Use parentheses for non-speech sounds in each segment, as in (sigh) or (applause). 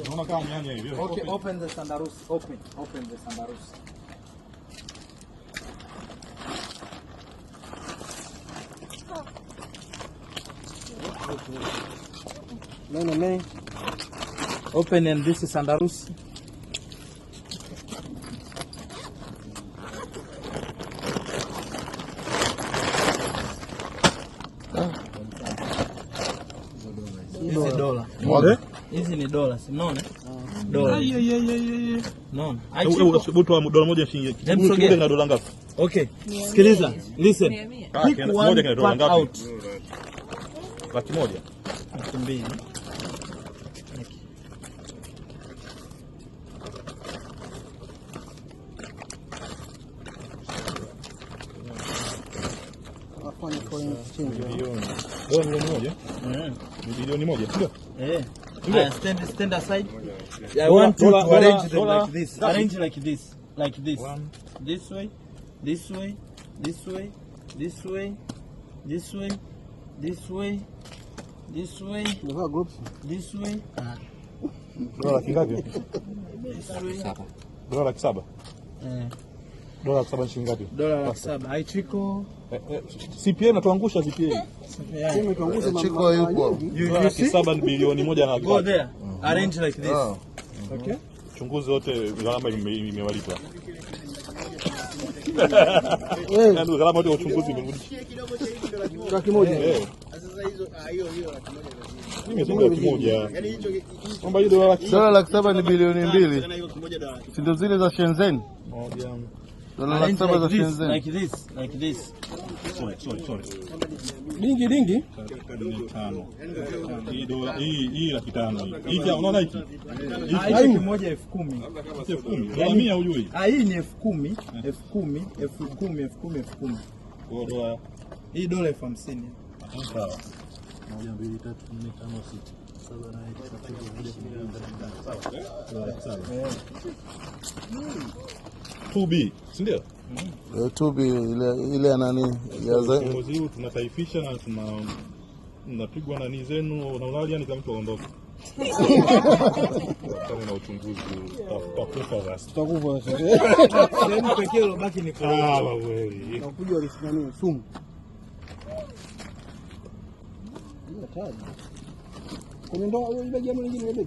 Okay, open, the Sandarus. Open, open the Sandarus. No, no, no. Open and this is Sandarus. Hizi What? Mwage. Hizi ni dola, si mnaona? Ah. Dola. Unaona? Butoa dola moja shilingi. Butoa na dola ngapi? Okay. Sikiliza, listen. Ah, Pick one moja pack out. Laki moja. Laki mbili. Milioni moja. Milioni moja. Eh. Yes, stand, stand aside. Yeah, I want to arrange them like this. Arrange like this. Like this. One. This way, this way, this way, this way, this way, this way, this way, this way. Dola kingapi? Dola laki saba. Dola eh. laki saba shilingi ngapi? Dola laki saba. Haitiko. Eh, eh, CPA natuangusha CPA saba ni bilioni moja na ah. Chunguzi wote gharama imewalipa. Eh. Yaani gharama yote uchunguzi imerudi laki moja. Eh. Dola laki saba ni bilioni mbili, si ndio zile za Shenzhen? Like this, like this, like this. Sorry, sorry, sorry. ningi. dingi. Hii hii laki tano hii. unaona hiki? Hii moja elfu kumi. Elfu kumi. Dola mia hii ni elfu kumi, elfu kumi, elfu kumi, elfu kumi, elfu kumi. Dola. Hii dola elfu hamsini. Sawa. Moja, mbili, tatu, nne, tano, sita. 2B, si ndio? Mm. Uh, eh, 2B ile ile nani ya zaidi. huu tunataifisha na tuna napigwa nani zenu na ulali yani kama mtu aondoke. (laughs) Kama na uchunguzi sasa. sasa. ni kwa ah, ah, kweli. sumu. ndoa ile nyingine ile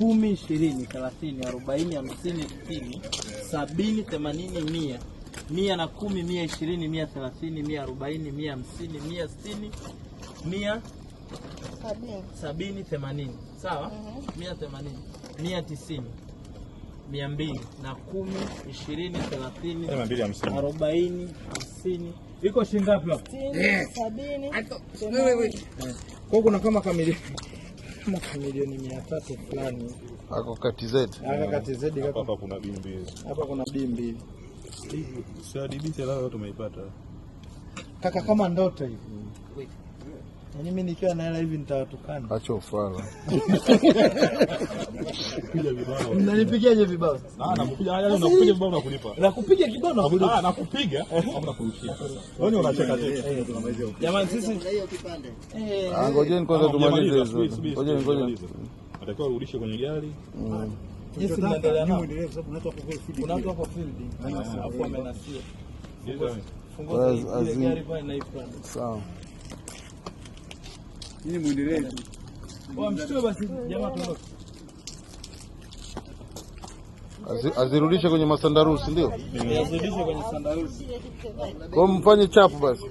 kumi, ishirini, thelathini, arobaini, hamsini, sitini, sabini, themanini, mia mia na kumi, mia ishirini, mia thelathini, mia arobaini, mia hamsini, mia sitini, mia sabini, themanini. Sawa, mhm. mia themanini, mia tisini, mia mbili na kumi, ishirini, thelathini, arobaini, hamsini. Iko shingapi? Sabini. Kwa kuna kama kamili kama milioni mia tatu fulani mm. hapa kuna bimbi hapa kuna bimbi siadibiti, alafu tumeipata kaka, kama ndoto hivi mimi nikiwa na hela hivi nitawatukana. Acha ufala. Mnanipigaje vibao? Ah, nakupiga yaani vibao kibao na kulipa. Ah, nakupiga au Wewe unacheka eh, eh. Jamani sisi hiyo kipande. Eh. Ah, ngojeni kwanza ah, tumalize hizo. Ngojeni ngojeni. Atakiwa urudishe kwenye gari. Mm. tunaendelea nao. kwa field. Alafu amenasia. gari pale Sawa. Nyinyi muendelee tu. Oh, Mshtue basi jamaa Azirudishe kwenye masandarusi ndio? Azirudishe kwenye sandarusi. Kwa mfanye chapu basi.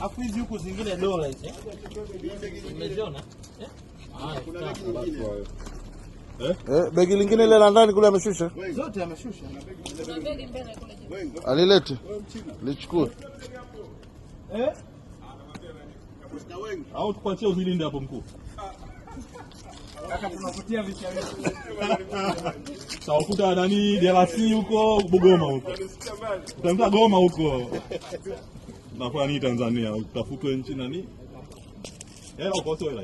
Afu hizi huku zingine dola hizi. Eh? Umeziona? Eh? begi Eh, begi lingine ile la ndani kule ameshusha? Zote ameshusha. Alilete. Lichukue. Eh? au tukuachie uzilinde hapo mkuu. (laughs) Tawakuta nani Delasi huko Bugoma huko utakuta Goma huko Na kwa nini Tanzania utafutwe nchi nani hela ukose hela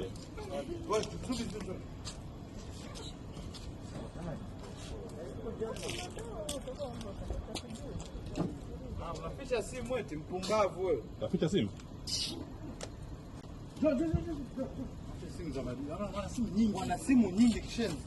Unaficha simu eti mpumbavu wewe. Unaficha simu? Wana simu nyingi kishenzi.